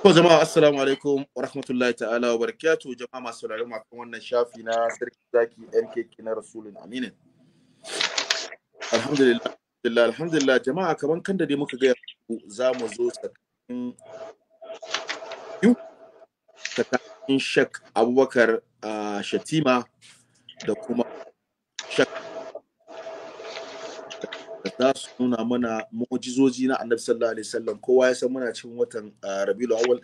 Ko jama'a assalamu alaikum wa rahmatullahi ta'ala wa barakatu jama'a masu sauraron mu kan wannan shafi na sarki zaki MKK na Rasulun Aminin. Alhamdulillah alhamdulillah jama'a kaman kan da dai muka ga za mu zo tsakanin biyu tsakanin Shek Abubakar ah, Shatima da kuma Shek da za su nuna mana mu'jizoji na annabi sallallahu alaihi wasallam kowa ya san muna cikin watan ah, rabiul awwal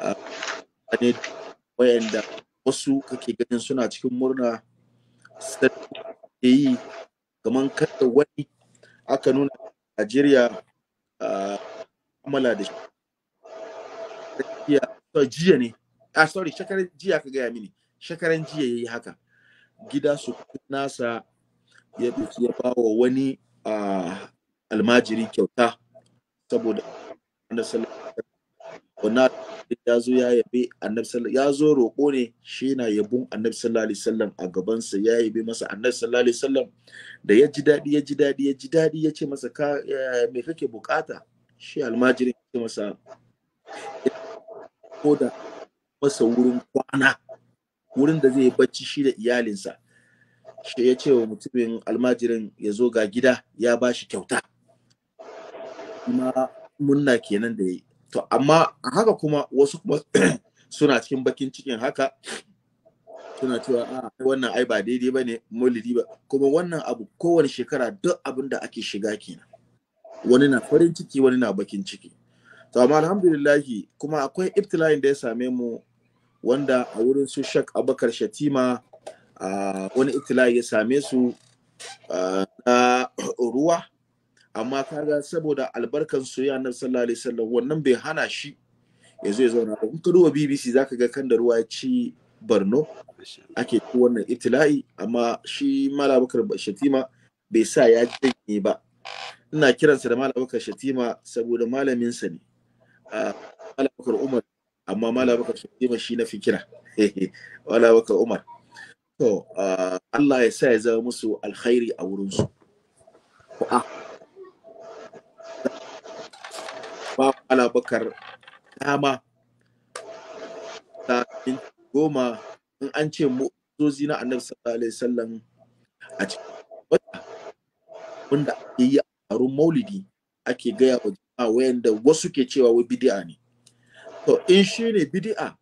ah, ne wayanda wasu kake ganin suna cikin murna sai yi kaman kada wani aka nuna Najeriya ah, amala da shi jiya ne a sorry shekaran jiya ka gaya mini shekaran jiya yayi haka gida su nasa ya ya ba wa wani almajiri kyauta saboda wannan ya zo ya yabe annabi sallallahu ya zo roƙo ne shi na yabun annabi sallallahu alaihi wasallam a gabansa ya yabe masa annabi sallallahu alaihi wasallam da ya ji daɗi ya ji daɗi ya ji daɗi ya ce masa ka me kake bukata shi almajiri ya ce masa ko da masa wurin kwana wurin da zai bacci shi da iyalinsa shi ya ce wa mutumin almajirin ya zo ga gida ya ba shi kyauta kuma munna kenan da yi to amma haka kuma wasu kuma suna cikin bakin cikin haka suna cewa a ah, wannan ai ba daidai ba ne maulidi ba kuma wannan abu kowane shekara duk abin da ake shiga kenan wani na farin ciki wani na bakin ciki to amma alhamdulillahi kuma akwai iftilayin da ya same mu wanda a wurin su shak abakar shatima wani itilai ya same su na ruwa amma kaga saboda albarkan su ya annabi sallallahu alaihi wasallam wannan bai hana shi ya zo ya zauna in ka duba BBC zaka ga kan da ruwa ya ci Borno ake ci wannan itila'i amma shi Malam Bakar Shatima bai sa ya janye ba ina kiransa da Malam Bakar Shatima saboda malamin sa ne Malam Bakar Umar amma Malam Bakar Shatima shi na fikira Malam Bakar Umar to Allah ya sa ya zama musu alkhairi a wurinsu ba ala bakar dama ta goma in an ce mu. sozi na annabi sallallahu alaihi wasallam a cikin wata wanda ake yi a taron maulidi ake gaya wa jama'a wayanda wasu ke cewa wai bid'a ne to in shi ne bid'a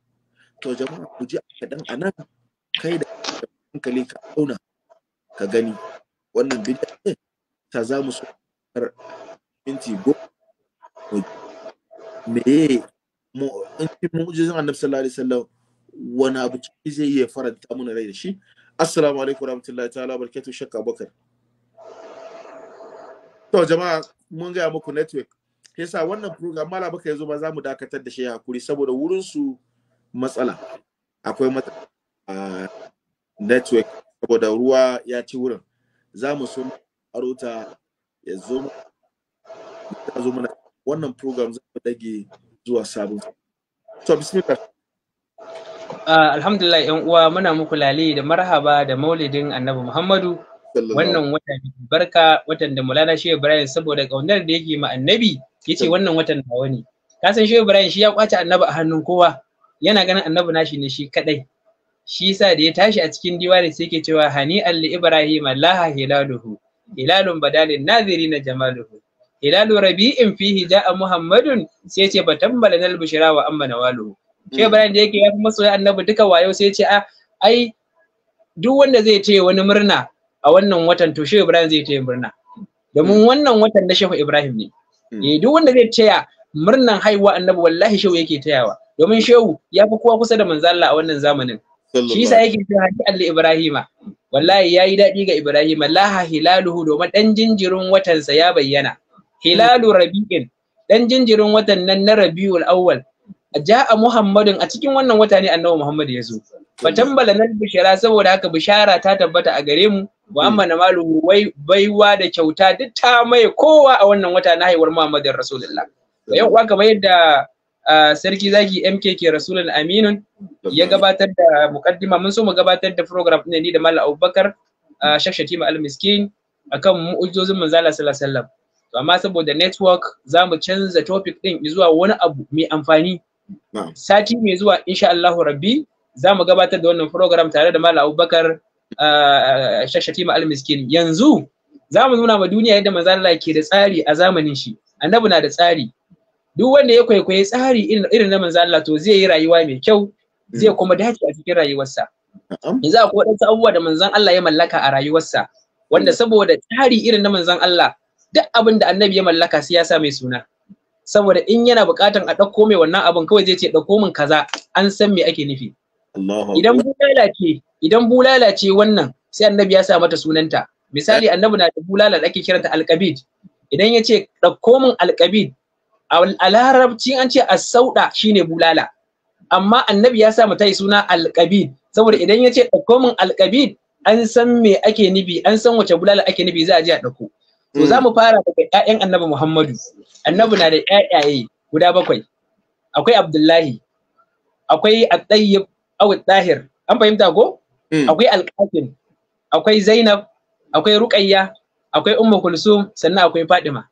to jama'a ku ji a kaɗan a nan kai da hankali ka auna ka gani wannan bid'a ne ta za mu sokar minti goma me ye in ci mu'jizin annabi sallallahu alaihi wasallam wani abu Ki zai iya faranta mana rai da shi assalamu alaikum warahmatullahi ta'ala barkatu shakka bakar to jama'a mun gaya muku network yasa wannan program mala baka yazo ba za mu dakatar da shi hakuri saboda wurin su matsala akwai matsala ah, network saboda ruwa ya ci wurin za mu so arota ya zo ta zo mana wannan program za mu dage zuwa sabon to bismillah uh, alhamdulillah yan uwa muna muku lale da marhaba da maulidin annabi muhammadu wannan wata barka watan da mulana shehu ibrahim saboda kaunar da yake ma annabi yace wannan watan nawa ne ka san shehu ibrahim shi ya kwace annabi a hannun kowa yana ganin annabi nashi ne shi kadai shi yasa da ya tashi a cikin diwali sai ke cewa hani alli ibrahim allaha hilaluhu hilalun badalin nazirina jamaluhu hilalu rabi'in fihi ja'a muhammadun sai ce batan nal bushira wa amma nawaluhu shi hmm. bayan da yake ya fi masoya annabi duka wayo sai ce a ai duk wanda zai ce wani murna a wannan watan to shehu ibrahim zai taya murna domin hmm. wannan watan na shehu ibrahim ne hmm. eh duk wanda zai taya murnan haihuwa annabi wallahi shehu yake tayawa domin shehu ya fi kowa kusa da manzalla a wannan zamanin shi sa yake jin haƙi Allah Ibrahima wallahi yayi dadi ga Ibrahima laha hilaluhu domin dan jinjirin watansa ya bayyana hilalu rabi'in dan jinjirin watan nan na rabiul awwal ja'a muhammadun a cikin wannan wata ne annabi muhammad ya zo fatambala nan bishara saboda haka bishara ta tabbata a gare mu wa amma na malu wai baiwa da kyauta duk ta mai kowa a wannan wata na haihuwar muhammadin rasulullah to yan kamar yadda sarki zaki mkk rasulun aminun ya gabatar da mukaddima mun so mu gabatar da program ne ni da mallam abubakar shakshaki al miskin akan mu'ujizozin manzala sallallahu to amma saboda network za mu canza topic din zuwa wani abu mai amfani sati mai zuwa insha Allah rabbi za mu gabatar da wannan program tare da Malam Abubakar Shashatima Al-Miskin yanzu za mu nuna ma duniya yadda manzo ke da tsari a zamanin shi annabi na da tsari duk wanda ya kwaikwayi tsari irin na manzo Allah to zai yi rayuwa mai kyau zai mm. kuma dace a cikin rayuwarsa za ku wadansu abubuwa da manzon Allah ya mallaka a rayuwarsa wanda mm. saboda tsari irin na manzon Allah duk abin da annabi ya mallaka sai ya sa mai suna saboda in yana buƙatan a dauko mai wannan abin kawai zai ce ɗauko min kaza an san me ake nufi idan bulala ce idan bulala ce wannan sai annabi ya sa mata sunanta misali eh. annabi na da bulala da ake kiranta alqabid idan ya ce ɗauko min alqabid a larabci an ce as-sauda shine bulala amma annabi ya sa mu tayi suna al-qabid saboda idan ya ce ɗauko min al-qabid an san me ake nubi an san wace bulala ake nubi za a je a ɗauko to za mu fara daga ƴaƴan annabi Muhammadu annabi na da ƴaƴaye guda bakwai akwai Abdullahi akwai At-Tayyib aw At-Tahir an fahimta ko hmm. akwai al akwai Zainab akwai Ruqayya akwai Ummu Kulsum sannan akwai Fadima.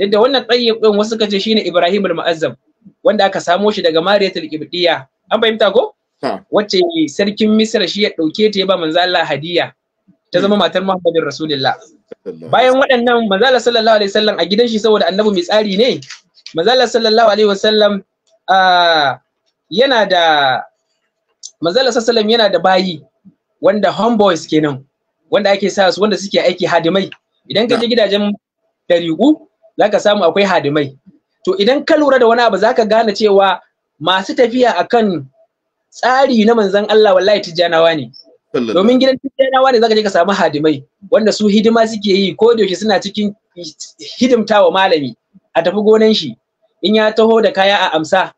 Yadda wannan tayyib din wasu kace shine Ibrahim al-Mu'azzam wanda aka samo shi daga Mariyatul Qibtiyya an fahimta ko wacce sarkin Misra shi ya dauke ta ya ba manzo Allah hadiya ta zama matar Muhammadin Rasulullah bayan waɗannan manzo sallallahu alaihi wasallam a gidan shi saboda annabi mai tsari ne manzo sallallahu alaihi wasallam yana da Allah sallallahu yana da bayi wanda homeboys kenan wanda ake sa su wanda suke aiki hadimai idan ka je gidajen dariku zaka samu akwai hadimai to idan ka lura da wani abu zaka gane cewa masu tafiya akan tsari na manzon Allah wallahi tijjanawa ne domin gidan tijjanawa ne zaka je ka samu hadimai wanda su hidima suke yi ko da suna cikin hidimtawa malami a tafi gonan shi in ya taho da kaya a amsa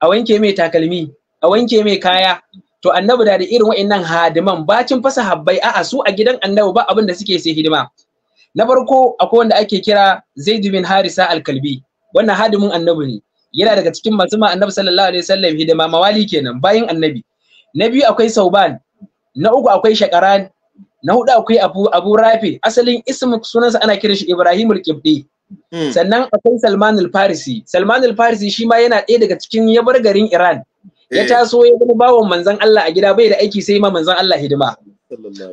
a wanke mai takalmi a wanke mai kaya to annabi da irin wa'annan hadiman bacin fasa habbai a'a su a gidan annabi ba abin da suke sai hidima na farko akwai wanda ake kira zaid bin harisa al-kalbi wannan hadimin annabi ne yana daga cikin masu ma annabi sallallahu alaihi wasallam hidima mawali kenan bayin annabi na biyu akwai sauban na uku akwai shakaran na hudu akwai abu abu rafi asalin ismu sunansa ana kiran shi ibrahim al kibdi hmm. sannan akwai salman al-farisi salman al-farisi shi ma yana ɗaya daga cikin yabar garin iran ya eh. taso ya zama bawan manzon Allah a gida bai da aiki sai ma manzon Allah hidima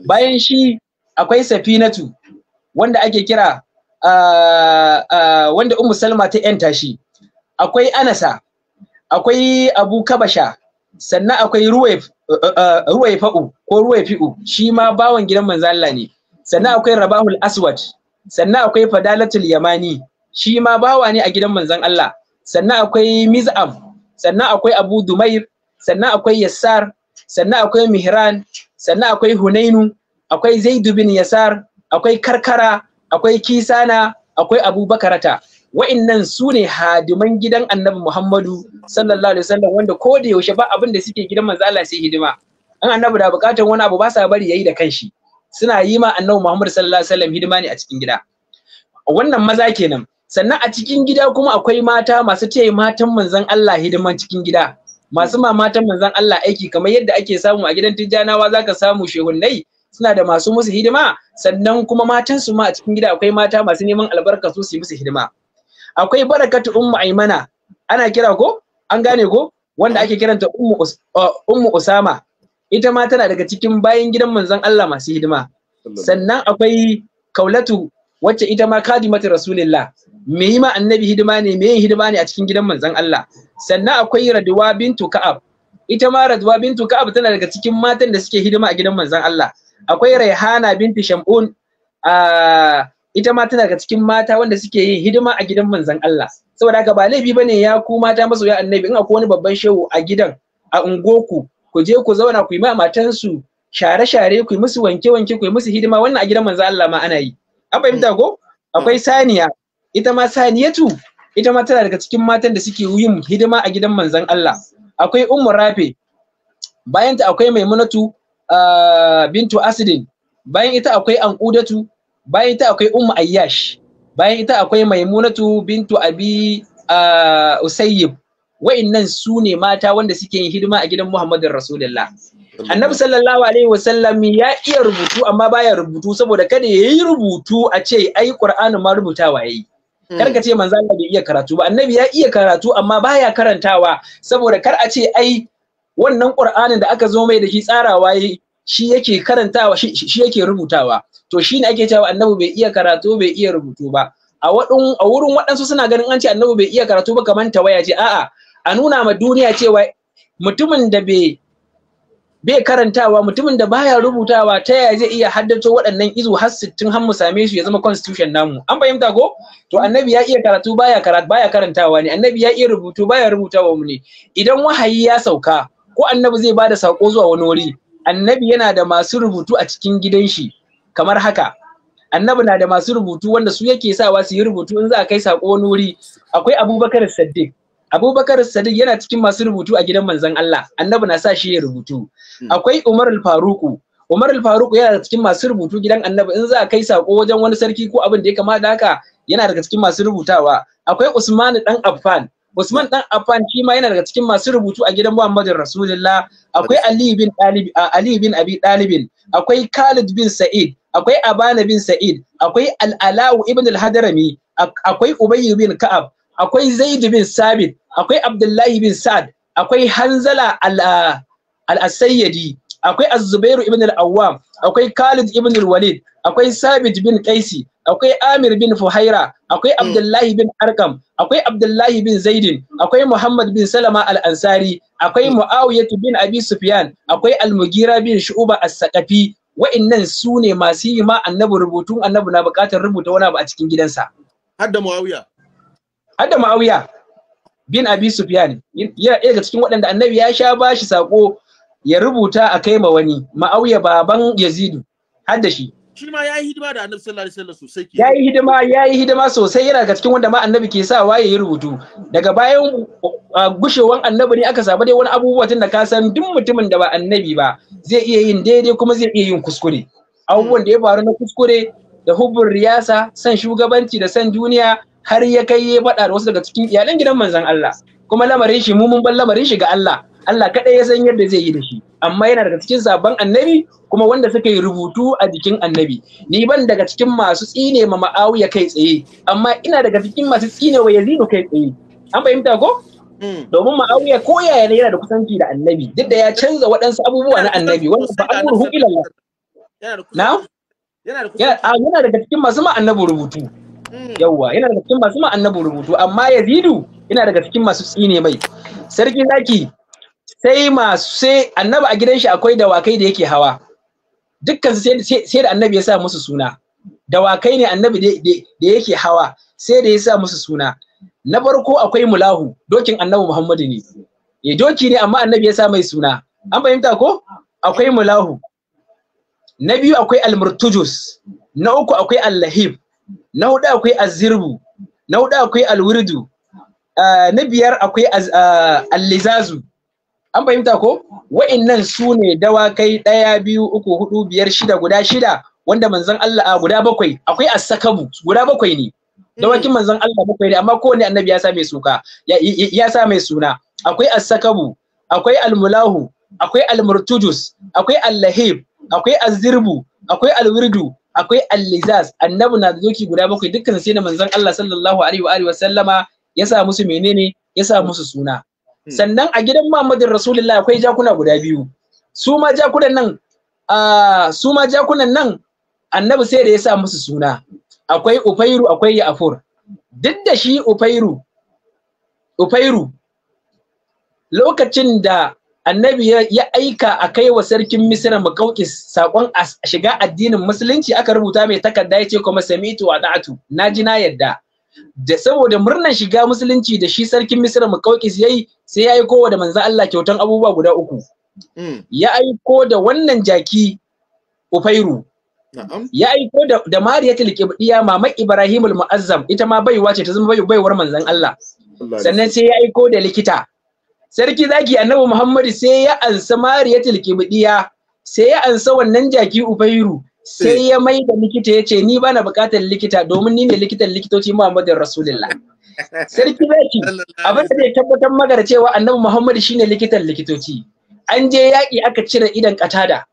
bayan shi akwai safinatu wanda ake kira ah, ah, wanda ummu salma ta yanta shi akwai anasa akwai abu kabasha sannan akwai ruwai ah, ko Ruwaifi'u, shi ma bawan gidan manzo Allah ne sannan akwai rabahul aswad sannan akwai fadalatul yamani shi ma bawa ne a gidan manzon Allah sannan akwai miz'ab sannan akwai abu dumair sannan akwai yassar sannan akwai mihran sannan akwai hunainu akwai zaidu bin yasar akwai karkara akwai kisana akwai abubakarata wa'annan su ne hadiman gidan annabi muhammadu sallallahu alaihi wasallam wanda ko da yaushe ba abin da suke gidan manzo Allah sai hidima an annabi da bukatar wani abu ba sa bari yayi da kanshi suna yi ma annabi muhammadu sallallahu alaihi wasallam hidima ne a cikin gida wannan maza kenan sannan a cikin gida kuma akwai mata masu taya matan manzon Allah hidiman cikin gida masu ma matan manzon Allah aiki kamar yadda ake samu a gidan tijjanawa zaka samu shehunnai suna da masu musu hidima sannan kuma matan su ma a cikin gida akwai mata masu neman albarka su musu hidima akwai barakatu ummu aimana ana kira ko an gane ko wanda ake kiranta ummu uh, ummu usama ita ma tana daga cikin bayan gidan manzon Allah masu hidima sannan akwai kaulatu wacce ita ma kadimatu rasulillah me yi ma annabi hidima ne me yin hidima ne a cikin gidan manzon Allah sannan akwai raduwa bintu ka'ab ita ma raduwa bintu ka'ab tana daga cikin matan da suke hidima a gidan manzon Allah akwai Raihana binti Shamun ita ma tana daga cikin mata wanda suke yin hidima a gidan manzon Allah saboda haka ba laifi bane ya ku mata masoya annabi in akwai wani babban shehu a gidan a ungoku ku je ku zauna ku yi ma matansu share-share ku yi musu wanke-wanke ku yi musu hidima wannan a gidan manzon Allah ma ana yi an fahimta ko akwai saniya ita ma saniyatu ita ma tana daga cikin matan da suke yin hidima a gidan manzon Allah akwai ummu rafi bayan ta akwai maimunatu bintu asidin bayan ita akwai anqudatu bayan ita akwai ummu ayyash bayan ita akwai maimunatu bintu abi usayyib wa'annan su ne mata wanda suke yin hidima a gidan muhammadin rasulullah annabi sallallahu alaihi wasallam ya iya rubutu amma baya rubutu saboda kada ya yi rubutu a ce ai qur'anin ma rubutawa yayi hmm. kar ka ce manzo Allah bai iya karatu ba annabi ya iya karatu amma baya karantawa saboda kar a ce ai wannan qur'anin da aka zo mai da shi tsarawa yi shi yake karantawa shi yake rubutawa to shi ne ake cewa annabi bai iya karatu bai iya rubutu ba a wadun a wurin waɗansu suna ganin an ce annabi bai iya karatu ba kamar waya ce a'a a nuna ma duniya cewa mutumin da bai bai karantawa mutumin da baya rubutawa ta yaya zai iya haddato waɗannan izu har 60 har mu same su ya zama constitution namu an fahimta ko to annabi ya iya karatu baya karatu baya karantawa ne annabi ya iya rubutu baya rubutawa mu ne idan wahayi ya sauka ko annabi zai bada sako zuwa wani wuri annabi yana da masu rubutu a cikin gidan shi kamar haka annabi na da masu rubutu wanda su yake sawa su yi rubutu in za a kai sako wani wuri akwai abubakar saddiq abubakar saddiq yana cikin masu rubutu a gidan manzon Allah annabi na sa shi ya rubutu hmm. akwai umar al-faruku umar al-faruku yana da cikin masu rubutu gidan annabi in za a kai sako wajen wani sarki ko abin da ya kamata haka yana daga cikin masu rubutawa akwai usman dan affan Usman dan Affan shi ma yana daga cikin masu rubutu a gidan Muhammadin Rasulullah akwai Ali bin Talib Ali bin Abi Talib akwai Khalid bin Sa'id akwai Abana bin Sa'id akwai al ala'u ibn Al-Hadrami akwai Ubayyu bin Ka'ab akwai Zaid bin Sabit akwai Abdullahi bin Sa'd akwai Hanzala al akwai Az-Zubairu ibn Al-Awwam akwai Khalid ibn Al-Walid akwai Sabit bin Kaisi, akwai Amir bin Fuhaira, akwai hmm. Abdullahi bin Arkam, akwai Abdullahi bin Zaidin, akwai Muhammad bin Salama al-Ansari, akwai hmm. Muawiyatu bin Abi Sufyan, akwai Al-Mugira bin Shu'ba as-Saqafi, wa'annan su ne masu yi ma annabi rubutun annabi na buƙatar rubuta wani abu a cikin gidansa. Hadda Muawiya. Hadda Muawiya bin Abi Sufyan yana ɗaya daga cikin waɗanda annabi ya sha bashi sako ya rubuta a kai ma wani Muawiya baban Yazidu hadda shi. shi ma yayi hidima da annabi sallallahu alaihi wasallam sosai ke yayi hidima yayi hidima sosai yana daga cikin wanda ma annabi ke sa waye ya rubutu daga bayan gushewan annabi ne aka samu dai wani abubuwa tun da ka san duk mutumin da ba annabi ba zai iya yin daidai kuma zai iya yin kuskure abubuwan da ya faru na kuskure da hubbun riyasa san shugabanci da san duniya har ya kai ya faɗa da wasu daga cikin iyalan gidan manzon Allah kuma lamarin shi mu mun ban lamarin shi ga Allah Allah kaɗai ya san yadda zai yi da shi amma yana daga cikin sabon annabi kuma wanda suka yi rubutu a jikin annabi ni ban daga cikin masu tsine ma ma'awiya kai tsaye amma ina daga cikin masu tsine wa yazidu kai tsaye an fahimta ko hmm. domin ma'awiya ko yaya ne yana da kusanci da annabi duk da ya canza waɗansu abubuwa na annabi wanda ba amurhu ilallah na yana daga cikin masu ma rubutu hmm. yawwa yana daga cikin masu ma rubutu amma yazidu yana daga cikin masu tsine mai sarki zaki sai masu sai annabi a gidan shi akwai dawakai da yake hawa dukkan su sai da annabi ya sa musu suna dawakai ne annabi da yake hawa sai da ya sa musu suna na farko akwai mulahu dokin annabi muhammadu ne e doki ne amma annabi ya sa mai suna an fahimta ko akwai mulahu na biyu akwai almurtujus na uku akwai allahib na hudu akwai azirbu na hudu akwai alwurdu ah, na biyar akwai ah, allizazu an fahimta ko wa'innan su ne dawakai ɗaya biyu uku hudu biyar shida guda shida wanda manzon Allah a guda bakwai akwai asakabu guda bakwai ne mm. dawakin manzon Allah bakwai ne amma kowane annabi ya sa mai suka ya sa mai suna akwai asakabu akwai almulahu akwai al akwai allahib akwai azirbu akwai alwirdu akwai al annabi na doki guda bakwai dukkan sai na manzon Allah sallallahu alaihi wa alihi wa sallama ya sa musu menene ya sa musu suna Hmm. sannan a gidan Muhammadin Rasulullahi akwai jakuna guda biyu su ma jakunan nan su ma jakunan nan annabi sai da ya sa musu suna akwai Ufairu akwai Ya'fur duk da shi Ufairu Ufairu lokacin da annabi ya aika a kai wa sarkin misra makaukis sakon a shiga addinin musulunci aka rubuta mai takarda ya ce kuma samitu wa da'atu na ji na yadda da saboda murnar shiga musulunci da shi sarkin misra mukaukis yayi sai ya aiko da manzon Allah kyautan abubuwa guda uku mm. ya aiko da wannan jaki ufairu ya aiko da, da mariyatul kibdiya maman ibrahimul mu'azzam ita ma baiwa ce ta zama baiwar manzan Allah sannan sai ya aiko da likita sarki zaki annabi muhammadu sai ya ansa mariyatul kibdiya sai ya ansa wannan jaki ufairu sai eh. ya mai da likita ya ce ni bana bukatar likita domin ni ne likitan likitoci Muhammadin Rasulullah sarki zaki abin da zai tabbatar magana cewa annabi Muhammad shine likitan likitoci an je yaƙi aka cire idan katada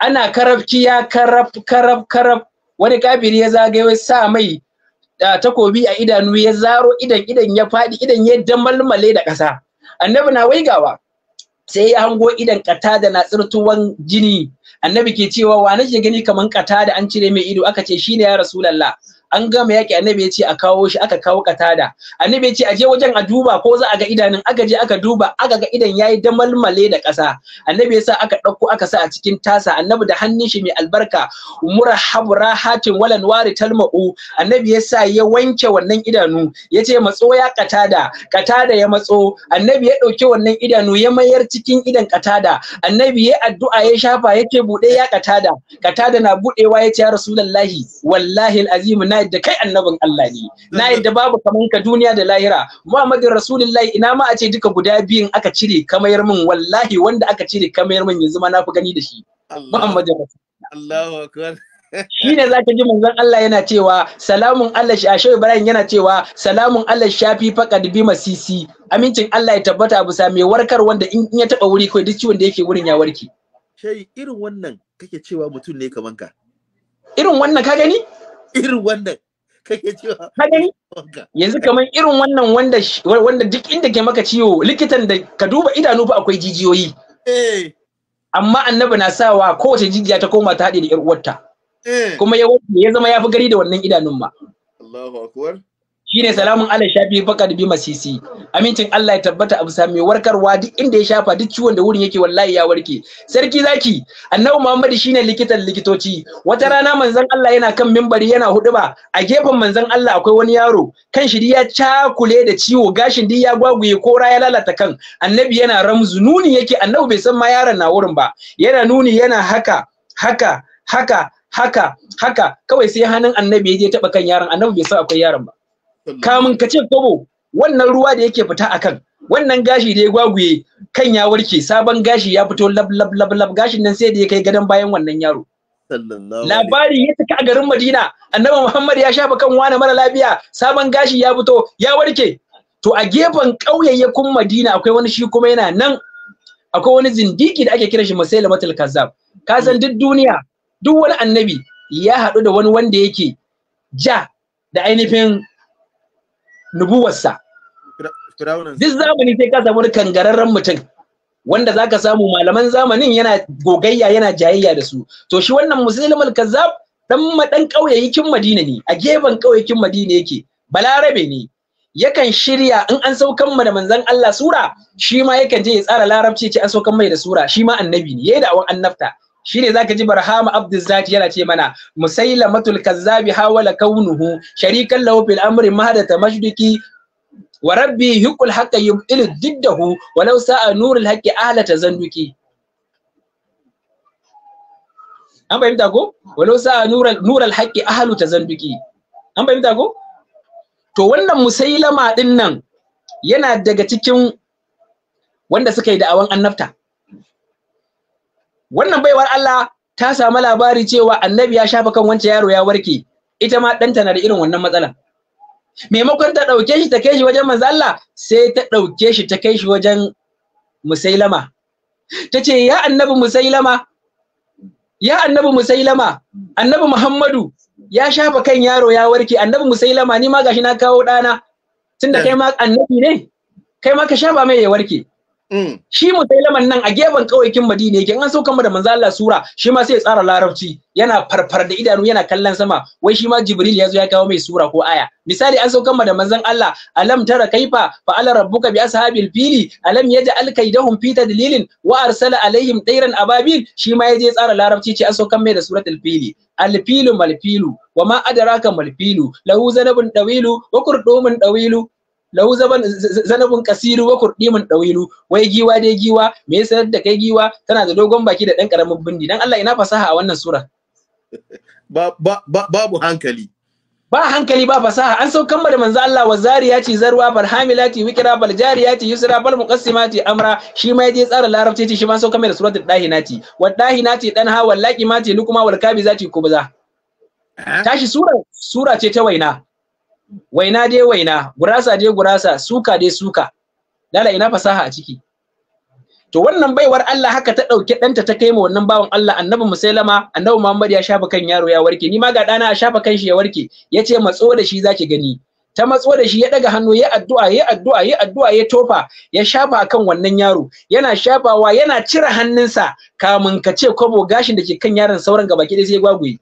ana karafci ya karaf karaf karaf wani kafiri ya zagaye sa mai takobi a idanu ya zaro idan idan ya faɗi idan ya damalmale da ƙasa annabi na waigawa sai ya hango idan katada na tsirtuwan jini annabi ke cewa wa nake gani kaman kata da an cire mai ido aka ce shine ya rasulullah an gama yaki annabi ya ce a kawo shi aka kawo katada annabi ya ce a je wajen a duba ko za a ga idanun aka je aka duba aka ga idan yayi damalmale da ƙasa annabi ya sa aka ɗauko aka sa a cikin tasa annabi da hannun shi mai albarka murahabu rahatin walan wari talma'u annabi ya sa ya wanke wannan idanu ya ce matso ya katada katada ya matso annabi ya ɗauki wannan idanu ya mayar cikin idan katada annabi ya addu'a ya shafa yake buɗe ya katada katada na buɗewa ya ce ya rasulallahi wallahi alazim na yadda kai annabin Allah ne na yadda babu kaman ka duniya da lahira Muhammadin Rasulullahi ina ma a ce duka guda biyun aka cire kamayar min wallahi wanda aka cire kamayar min yanzu ma na fi gani da shi Muhammadin Allahu akbar ne zaka ji manzon Allah yana cewa salamun Allah shi Ashaw Ibrahim yana cewa salamun Allah shafi faqad bi masisi amincin Allah ya tabbata bisa mai warkar wanda in ya taba wuri kai duk ciwon da yake wurin ya warke shai irin wannan kake cewa mutum ne kaman ka irin wannan ka gani irin wannan kake cewa yanzu kamar irin wannan wanda wanda duk inda ke maka ciwo likitan da ka duba idanu fa akwai jijiyoyi eh amma annabi na sawa kowace jijiya ta koma ta hade da irwarta uwarta eh. kuma ya ya zama ya fi gari da wannan idanun ma Allahu akbar shine salamun Allah shafi faka da bi masisi amincin Allah ya tabbata abu sami warkarwa duk inda ya shafa duk ciwon da wurin yake wallahi ya warke sarki zaki annabi Muhammad shine likitan likitoci wata rana manzon Allah yana kan mimbari yana huduba a gefen manzon Allah akwai wani yaro kan shi ya cakule da ciwo gashin din ya gwaguye kora ya lalata kan annabi yana ramzu nuni yake annabi bai san ma yaron na wurin ba yana nuni yana haka haka haka haka haka kawai sai hannun annabi ya je taba kan yaron annabi bai san akwai yaron ba kamun ka ce kobo wannan ruwa da yake fita a kan, wannan gashi da ya gwaguye kan ya warke sabon gashi ya fito lab lab lab lab gashin nan sai da ya kai gadon bayan wannan yaro labari ya cika a garin Madina annabi Muhammad ya shafa kan wani mara lafiya sabon gashi ya fito ya warke to a gefen ƙauyayakun Madina akwai wani shi kuma yana nan akwai wani zindiki da ake kira shi Musailamatul Kazzab ka san duk duniya duk wani annabi ya haɗu da wani wanda yake ja da ainihin nubuwarsa duk zamani sai ka samu kangararren mutum wanda zaka samu malaman zamanin yana gogayya yana jayayya da su to shi wannan musulmul kazzab dan madan kauyayikin madina ne a gefen kauyayikin madina yake balarabe ne yakan shirya in an saukan ma da manzon Allah sura shi ma yakan je ya tsara larabci ce an saukan mai da sura shi ma annabi ne yayi awan annabta shine zaka ji barhama abdulzati yana ce mana musailamatul kazzabi hawala kaunuhu sharikan lahu fil amri mahadata mashduki wa rabbi yuqul haqqa yumil diddahu walau sa'a nurul haqqi ahlata zanduki an fahimta ko walau sa'a nurul nurul haqqi ahlu tazanduki an fahimta ko to wannan musailama din nan yana daga cikin wanda suka yi da'awan annabta wannan baiwar Allah ta samu labari cewa annabi ya shafa kan wancan yaro ya warke ita ma ɗanta na da irin wannan matsalan maimakon ta ɗauke shi ta kai shi wajen manzo Allah sai ta ɗauke shi ta kai shi wajen musailama ta ce ya annabi musailama ya annabi musailama annabi muhammadu ya shafa kan yaro ya warke annabi musailama ni ma gashi na kawo ɗana tunda eh. kai ma annabi ne kai ma ka shafa mai ya warke Mm. shi mu laman nan a gefen kauyakin madina yake an sauka da manzo Allah sura shi ma sai ya tsara larabci yana farfar da idanu yana kallon sama wai shi ma jibril ya zo ya kawo mai sura ko aya misali an sauka da manzon Allah alam tara kaifa fa ala rabbuka bi ashabil fili alam yaj'al kaidahum fi tadlilin wa arsala alaihim tayran ababil shi ma ya je tsara larabci ce an sauka mai da suratul fili alfilu malfilu wa ma adraka malfilu lahu zanabun dawilu wa kurdumun dawilu Lau zaban zanabun kasiru wa kurdimin dawilu wai giwa dai giwa me ya sanar da kai giwa tana da dogon baki da dan karamin bindi dan Allah ina fasaha a wannan sura babu hankali ba hankali ba fasaha an saukan da manzo Allah wa zariyati zarwa bar hamilati wikra bal jariyati yusra bal muqassimati amra shi ma yaje tsara larabci ce shi ma saukan mai da suratul dahinati wad dan ha wal mati lukuma wal kabizati kubza eh? tashi sura sura ce ta waina waina dai waina gurasa dai gurasa suka dai suka lala ina fasaha a ciki to wannan baiwar Allah haka ta ɗauki ɗanta ta kai ma wannan bawan Allah annabi musailama annabi Muhammad ya shafa kan yaro ya warke ni ma ga dana a shafa kan shi ya warke ya ce matso da shi zaki gani ta matso da shi ya daga hannu ya addu'a ya addu'a ya addu'a ya tofa ya shafa akan wannan yaro yana shafawa yana cire hannunsa kamun ka ce kwabo gashin da ke kan yaron sauran gaba ki sai gwagwaye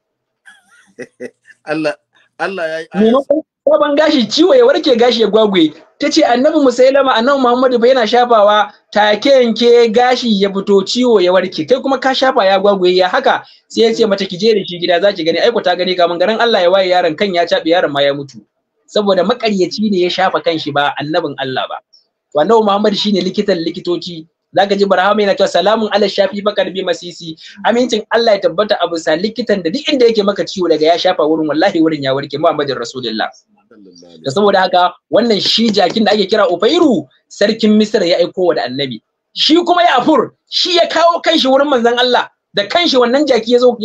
Allah Allah ya yi sabon gashi ciwo ya warke gashi ya gwagwe ta ce annabi musailama annabi muhammadu ba yana shafawa take yanke gashi ya fito ciwo ya warke kai kuma ka shafa ya gwagwe ya haka sai ya ce mata ki je da shi gida za ki gani aiko ta gani kaman garin Allah ya waye yaron kan ya cabe yaron ma ya mutu saboda makaryaci ne ya shafa kanshi ba annabin Allah ba to annabi muhammadu shine likitan likitoci zaka ji barhama yana cewa salamun ala shafi bakar bi masisi amincin Allah ya tabbata a bisa likitan da duk inda yake maka ciwo daga ya shafa wurin wallahi wurin ya warke Muhammadin Rasulullah da saboda haka wannan shi jakin da ake kira Ufairu sarkin Misra ya aiko wa da Annabi shi kuma ya afur shi ya kawo kanshi wurin manzon Allah da kanshi wannan jaki ya zo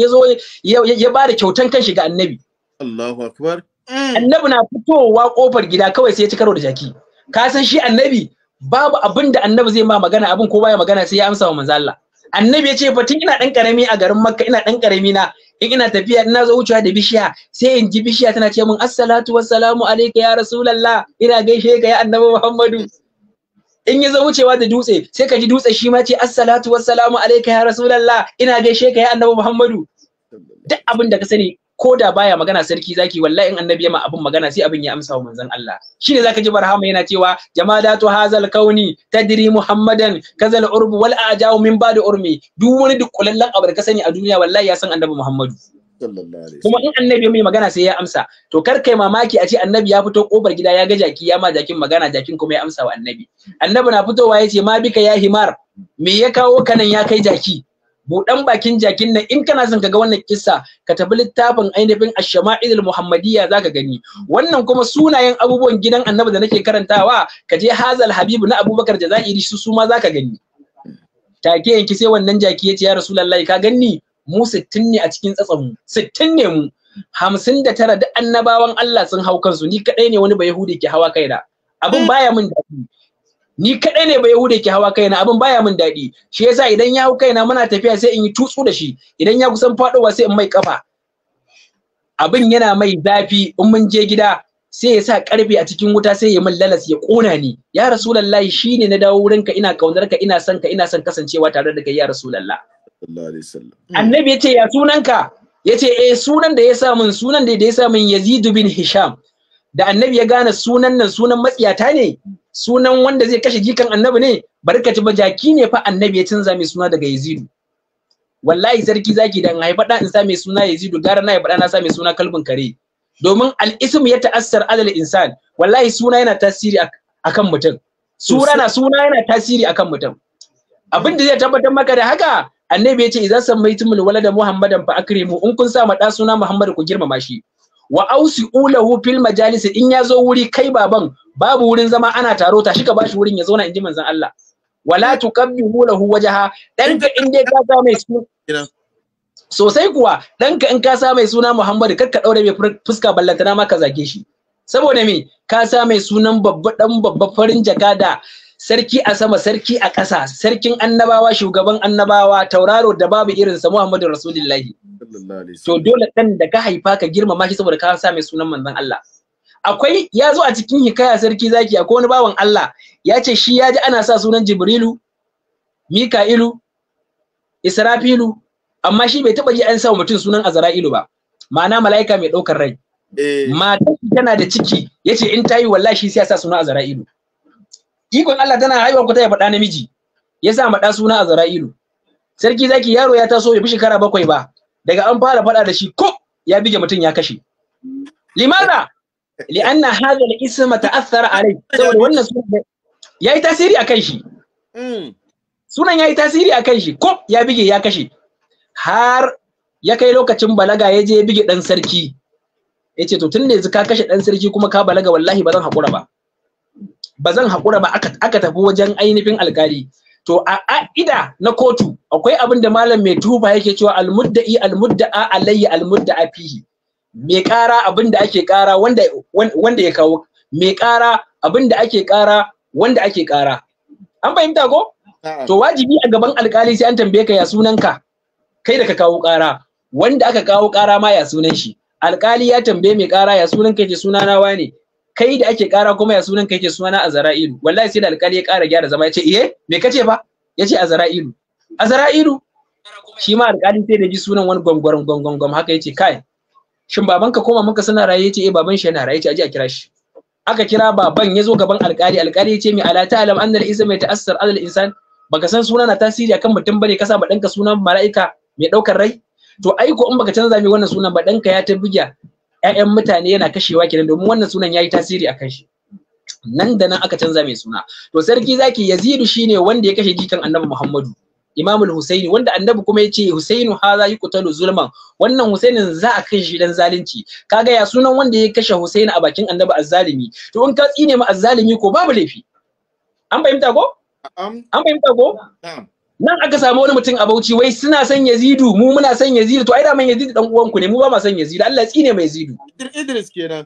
ya bada kyautan kanshi ga Annabi Allahu akbar Annabi na fitowa kofar gida kawai sai ya ci karo da jaki ka san shi Annabi babu abin da annabi zai ma magana abin ko baya magana sai ya amsa wa manzo Allah annabi ya ce fa tun ina dan karami a garin makka ina dan karami na in ina tafiya ina zo wucewa da bishiya sai in ji bishiya tana ce min assalatu wassalamu alayka ya rasulullah ina gaishe ka ya annabi muhammadu in ya zo wucewa da dutse sai ka ji dutse shi ma ce assalatu wassalamu alayka ya rasulullah ina gaishe ka ya annabi muhammadu duk abin da ka sani ko da baya magana sarki zaki wallahi in annabi ya ma abin magana sai abin ya amsa wa manzon Allah shine zaka ji barhama yana cewa jamadatu hazal kauni tadri muhammadan kazal urbu wal ajau min ba'da urmi duk wani duk kullallan abar ka sani a duniya wallahi ya san annabi muhammadu kuma in annabi mai magana sai ya amsa to kar kai mamaki a ce annabi ya fito kobar gida ya ga jaki ya ma jakin magana jakin kuma ya amsa wa annabi annabi na fitowa ya ce ma bika ya himar me ya kawo kanan ya kai jaki buɗan bakin jakin nan in kana son kaga wannan kissa ka tafi littafin ainihin ash-shama'il muhammadiyya zaka gani wannan kuma sunayen abubuwan gidan annabi da nake karantawa ka je hazal habibu na abubakar jazairi su su ma zaka gani take yanki sai wannan jaki ya ya rasulullahi ka ganni mu 60 ne a cikin tsatsan mu 60 ne mu hamsin da tara duk annabawan Allah sun hau kansu ni kadai ne wani Bayahudi ke hawa kaina abin baya min daɗi ni kaɗai ne ba yahuda ke hawa kaina abin baya min daɗi shi yasa idan ya hau kaina muna tafiya sai in yi tutsu da shi idan ya kusan faɗowa sai in mai kafa abin yana mai zafi in mun je gida sai ya sa ƙarfe a cikin wuta sai ya min lalas ya kona ni ya rasulullahi shine na dawo wurinka ina kaunar ka ina son ka ina son kasancewa tare da kai ya rasulullah annabi yace ya sunanka yace eh sunan da ya sa min sunan da ya sa mun yazid bin hisham da annabi ya gane sunan nan sunan matsiyata ne sunan wanda zai kashe jikan annabi ne barkaci ba jaki ne fa annabi ya canza mai suna daga yazidu wallahi sarki zaki dan haifa da in sa mai suna yazidu gara na haifa na sa mai suna kalbin kare domin al-ism ya ta'assar alal insan wallahi suna yana tasiri akan mutum sura na suna yana tasiri akan mutum abin da zai tabbatar maka da haka annabi ya ce idan sammaitumul walada muhammadan fa akrimu in kun sa ma suna muhammad ku girmama shi wa ausi ulahu fil majalis in ya zo wuri kai baban babu wurin zama ana taro tashi ka bashi wurin ya zauna inji manzon Allah wala tuqabbihu lahu wajaha danka in dai ka mai suna sosai kuwa danka in ka sa mai suna Muhammadu kar ka daure mai fuska ballantana maka ka zage shi saboda me ka sa mai sunan babba dan babba farin jaka da sarki a sama sarki a ƙasa sarkin annabawa shugaban annabawa tauraro da babu irinsa Muhammadu Rasulullahi to dole ɗan da ka haifa ka girmama shi saboda ka sa mai sunan manzan Allah akwai ya zo a cikin hikaya sarki zaki ko wani bawan Allah ya ce shi ya ji ana sa sunan Jibrilu Mika'ilu Israfilu amma shi bai taba ji an sa mutum sunan Azra'ilu ba ma'ana mala'ika mai ɗaukar rai eh. mata tana da ciki ya ce in ta yi wallahi shi sai ya sa sunan Azra'ilu ikon Allah tana haihuwar ku ta yaba faɗa namiji ya sa ma ɗa suna Azra'ilu sarki zaki yaro ya taso ya bi shekara bakwai ba daga an fara faɗa da shi ko ya bige mutum ya kashe limana li'anna hadha al-isma ta'athara alai saboda wannan sunan yayi tasiri akan shi mm. sunan yayi tasiri akan shi ko ya bige ya kashe har ya kai lokacin balaga ya je ya bige dan sarki yace to tunda yanzu ka kashe dan sarki kuma ka balaga wallahi ba zan hakura ba ba zan haƙura ba aka tafi wajen ainihin alkali to a ƙa'ida na kotu akwai abin da malam mai tuba yake cewa almudda'i almudda'a alayya almudda'a fihi mai ƙara abin da ake ƙara wanda wanda ya kawo mai ƙara abin da ake ƙara wanda ake ƙara an fahimta ko to wajibi a gaban alkali sai an tambaye ka ya sunanka kai da ka kawo ƙara wanda aka kawo ƙara ma ya sunan shi alkali ya tambaye mai ƙara ya sunan kai ce sunana wane kai da ake kara kuma ya sunan kai ke sunana azra'ilu wallahi sai da alƙali ya kara gyara zama ya ce iye me kace fa ya azra'ilu azra'ilu shi ma alƙali sai da ji sunan wani gwangwaron gwangwangwam haka yace, kai shin babanka koma muka suna raye yace eh baban shi yana raye ce aje a kira shi aka kira baban ya zo gaban alƙali alƙali ya ce mai ala ta'lam annal isma ya ta'assar alal insan baka san suna na tasiri akan mutum bane kasa ba danka sunan mala'ika mai daukar rai to ai ko in baka canza mai wannan sunan ba danka ya ta bugya ƴaƴan mutane yana kashewa kenan domin wannan sunan yayi tasiri a kan shi nan da nan aka canza mai suna to sarki zaki yazidu shine wanda ya kashe jikan annabi muhammadu Imam Husaini wanda annabi kuma ya ce Husainu haza yuqtalu zulman wannan Husainin za a kai shi dan zalunci kaga ya sunan wanda ya kashe Husaini a bakin annabi azzalimi to in ka tsine ma azzalimi ko babu laifi an fahimta ko an fahimta ko na'am nan aka samu wani mutum a Bauchi wai suna son Yazidu mu muna son Yazidu to ai da man Yazidu dan uwan ku ne mu ba ma son Yazidu Allah tsine mai Yazidu Idris kenan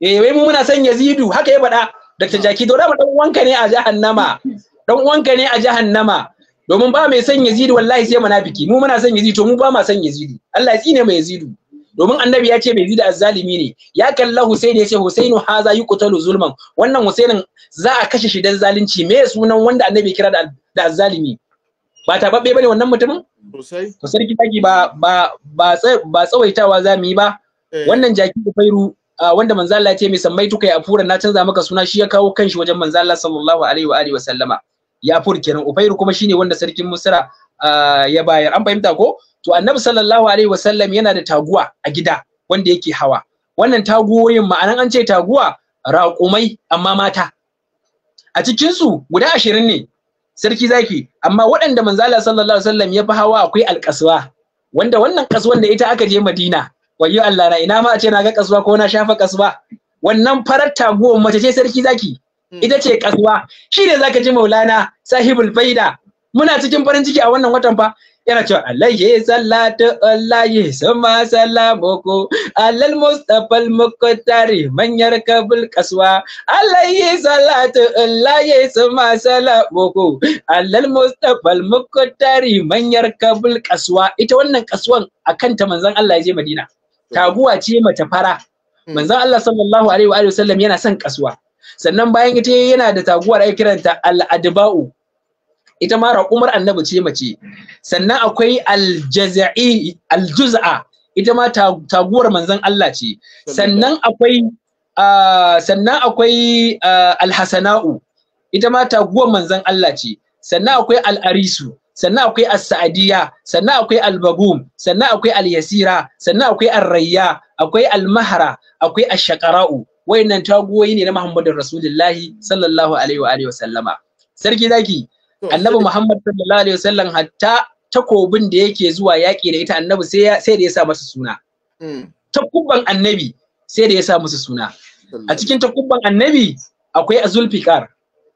eh wai mu muna son Yazidu haka ya faɗa Dr. Jaki to da dan uwanka ne a jahannama dan uwanka ne a jahannama domin ba mai son Yazidu wallahi sai munafiki mu muna son Yazidu to mu ba ma son Yazidu Allah tsine mai Yazidu domin annabi ya ce mai zida azzalimi ne ya kalla Husaini ya ce Husainu haza yuqtalu zulman wannan Husainin za a kashe shi dan zalunci me sunan wanda annabi kira da azzalimi ba babbe bane wannan mutumin to sarki zaki ba ba ba ba tsawaitawa zamu yi ba eh. wannan jaki da fairu wanda manzo Allah ya ce mai sammai tukai a furan na canza maka suna shi ya kawo kanshi wajen manzo Allah sallallahu alaihi wa alihi wa sallama ya fur kenan ufairu kuma shine wanda sarkin musra ya bayar an fahimta ko to annabi sallallahu alaihi wa sallam yana da taguwa a gida wanda yake hawa wannan taguwoyin ma'anan an ce taguwa raƙumai amma mata a cikinsu guda ashirin ne sarki zaki amma waɗanda manzala sallallahu alaihi wasallam ya fi hawa akwai alƙaswa wanda wannan kasuwan da ita aka je Madina wayyo Allah na ina ma a ce na ga kasuwa ko na shafa kasuwa wannan farar taguwar mace ce sarki zaki hmm. ita ce kasuwa shi ne zaka ji Maulana sahibul faida muna cikin farin ciki a wannan watan fa yana cewa alayhi salatu alayhi sama salamuku alal mustafal muqtari manyar kabul kaswa alayhi salatu alayhi sama salamuku alal mustafal muqtari manyar kabul kaswa ita wannan kaswan akan ta manzon Allah ya je Madina taguwa ce mata fara hmm. manzon Allah sallallahu alaihi wa sallam yana son kaswa sannan bayan ita yana da taguwar ai kiranta al adba'u ita ma raƙumar annabi ce mace sannan akwai aljaza'i aljuz'a ita ma taguwar manzon Allah ce sannan akwai sannan akwai alhasana'u ita ma taguwar manzon Allah ce sannan akwai al'arisu sannan akwai as sadiya sannan akwai al-bagum sannan akwai al-yasira sannan akwai ar-rayya akwai al-mahra akwai ash-shaqara'u wayannan taguwoyi ne na Muhammadu Rasulullahi sallallahu alaihi wa alihi sallama sarki zaki annabi Muhammad sallallahu alaihi wasallam hatta takobin da yake zuwa yaki da ita annabi sai sai da ya sa masa suna mm. takubban annabi sai da yasa sa suna a cikin takubban annabi akwai azulfikar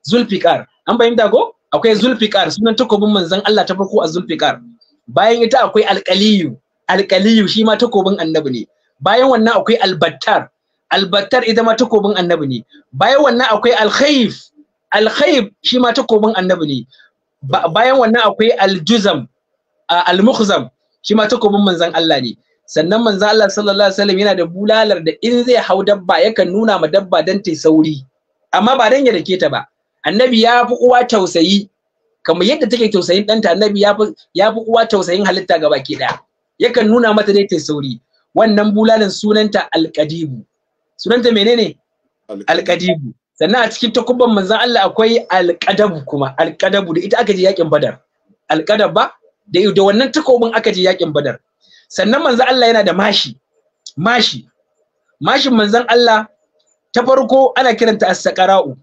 zulfikar an da ko akwai zulfikar sunan takobin manzon Allah ta farko azulfikar bayan ita akwai alqaliyu alqaliyu shi ma takobin annabi ne bayan wannan akwai albattar albattar ita ma takobin annabi ne bayan wannan akwai alkhayf alkhayb shi ma takobin annabi ne bayan wannan akwai aljuzam almukhzam shi ma takobin manzon Allah ne sannan manzon Allah sallallahu alaihi wasallam yana da bulalar da in zai hau dabba yakan nuna ma dabba dan tai sauri amma ba dan ya dake ta ba annabi ya fi uwa tausayi kamar yadda take tausayin danta annabi ya fi ya fi uwa tausayin halitta ga baki ɗaya yakan nuna mata dai tai sauri wannan bulalan sunanta alqadibu sunanta menene alqadibu sannan a cikin takubban manzan Allah akwai alƙadabu. kuma alƙadabu da ita aka je yakin badar alƙadab ba da da wannan takobin aka je yakin badar sannan manzan Allah yana da mashi mashi mashin manzan Allah ta farko ana kiranta as-saqara'u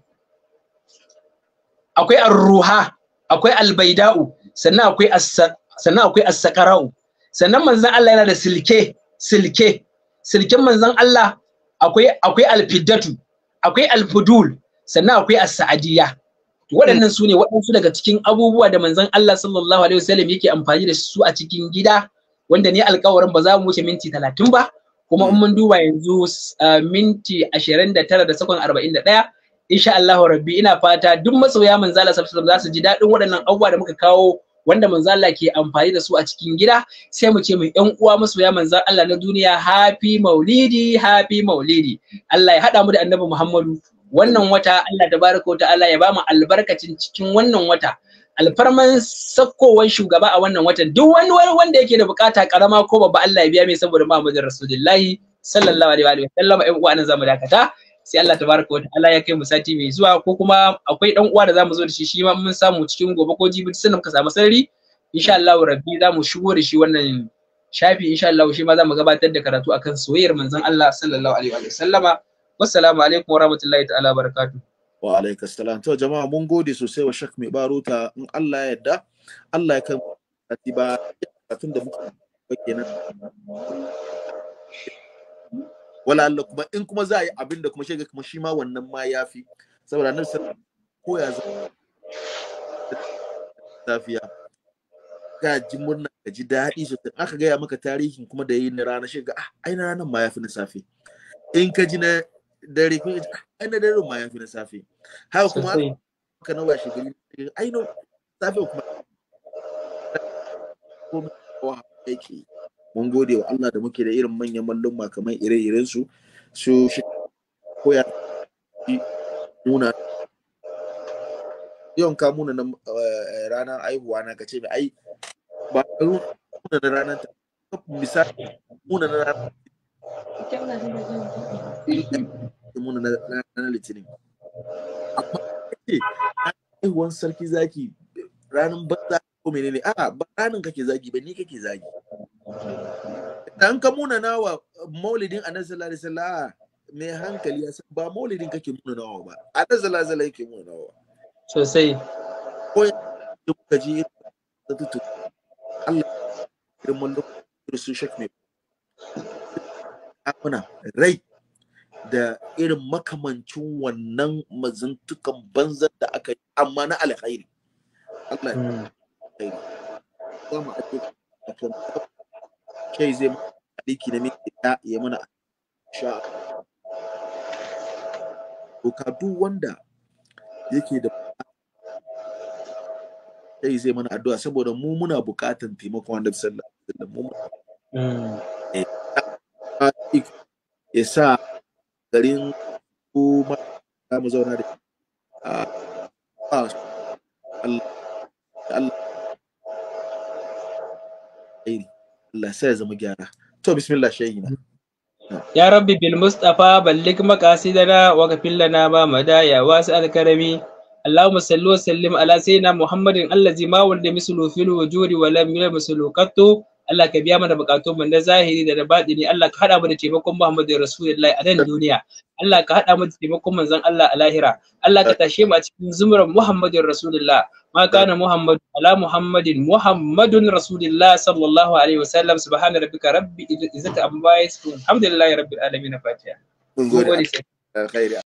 akwai ar-ruha akwai al-baida'u sannan akwai as sannan akwai as-saqara'u sannan manzan Allah yana da silke silke silken manzan Allah akwai akwai al-fiddatu akwai alfudul sannan akwai as-sa'adiyya waɗannan su ne waɗansu daga cikin abubuwa da manzon Allah sallallahu alaihi wasallam yake amfani da su a cikin gida wanda ne alƙawarin ba za mu wuce minti talatin ba kuma in mun duba yanzu eh, minti ashirin da sakon arba'in insha Allah rabbi ina fata duk masoya manzon Allah sallallahu alaihi wasallam za su ji daɗin waɗannan abubuwa da muka kawo wanda manzo Allah ke amfani da su a cikin gida sai mu ce mu 'yan uwa ya manzo Allah na duniya happy maulidi happy maulidi Allah ya hada mu da annabi Muhammadu wannan wata Allah tabaraka wa ta'ala ya ba mu albarkacin cikin wannan wata alfarman sakkowar shugaba a wannan watan duk wani wanda yake da bukata karama ko babba Allah ya biya mai saboda Muhammadu Rasulullahi sallallahu alaihi wa sallam ƴan uwa nan zamu dakata sai Allah tabaraka wa ta'ala ya kai mu sati mai zuwa ko kuma akwai dan uwa da zamu zo da shi shi ma mun samu cikin gobe ko jibi sannan muka samu sarari insha Allah rabbi zamu shigo da shi wannan shafi insha Allah shi ma zamu gabatar da karatu akan soyayyar manzon Allah sallallahu alaihi wa sallama wassalamu alaikum wa rahmatullahi ta'ala barakatuh wa alaikum salam to jama'a mun gode sosai wa shak mai baruta in Allah ya yarda Allah ya kai mu ba tun da muka kenan wala Allah kuma in kuma za a yi abin da kuma shi kuma shi ma wannan ma ya fi saboda nan sai ko ya zama safiya ka ji murna ka ji daɗi sosai aka gaya maka tarihin kuma da yi na rana shi ga ah ai na ranar ma ya fi na safe in ka ji na dare ko ah, ai na dare ma ya fi na safe haka kuma ka na washe gari ai na safe kuma ko yake mun gode wa Allah da muke da irin manyan mallumma kamar ire-iren su su shi koya muna yawan ka muna eh, na ranar aihuwa na kace mai ai ba muna na ranar ta misali muna na ranar muna na ranar litinin amma ce aihuwan sarki zaki ranar banza ko menene a ba ranar kake zagi ba ni kake zagi dan ka muna nawa maulidin annabi sallallahu alaihi wasallam mai hankali ya ba maulidin kake muna nawa ba annabi sallallahu alaihi wasallam yake munanawa sosai ko ka ji da tutu Allah girman lokacin su shek mai amuna rai da irin makamancin wannan mazuntukan banzar da aka yi amma na alkhairi Allah ya yi hmm. alkhairi kuma a cikin shai zai mana aliki na miki da ya mana sha to ka duk wanda yake da shai zai mana addu'a saboda mu muna bukatan taimakon wanda sallallahu alaihi wasallam mu mm. eh, ya sa garin ko ma mu zauna da a ah, ah, Allah sai ya zama gyara. na. Ya rabbi bil Mustafa ballik maqasidana wa gafil lana ma madaya wa sa'al karami. Allahumma salli wa Muhammadin allazi ma walda mislu fil wujudi wa lam yulmis lukatu. Allah ka biya mana bukatun mu na zahiri da na batini Allah ka hada mu da taimakon Muhammadu Rasulullahi a nan duniya Allah ka hada mu da taimakon manzon Allah a lahira Allah ka tashe mu a cikin zumurar Muhammadu Rasulullah ma kana Muhammad ala Muhammadin Muhammadun Rasulullah sallallahu alaihi wasallam subhana rabbika rabbi izzati amma yasifun alhamdulillahi rabbil alamin fatiha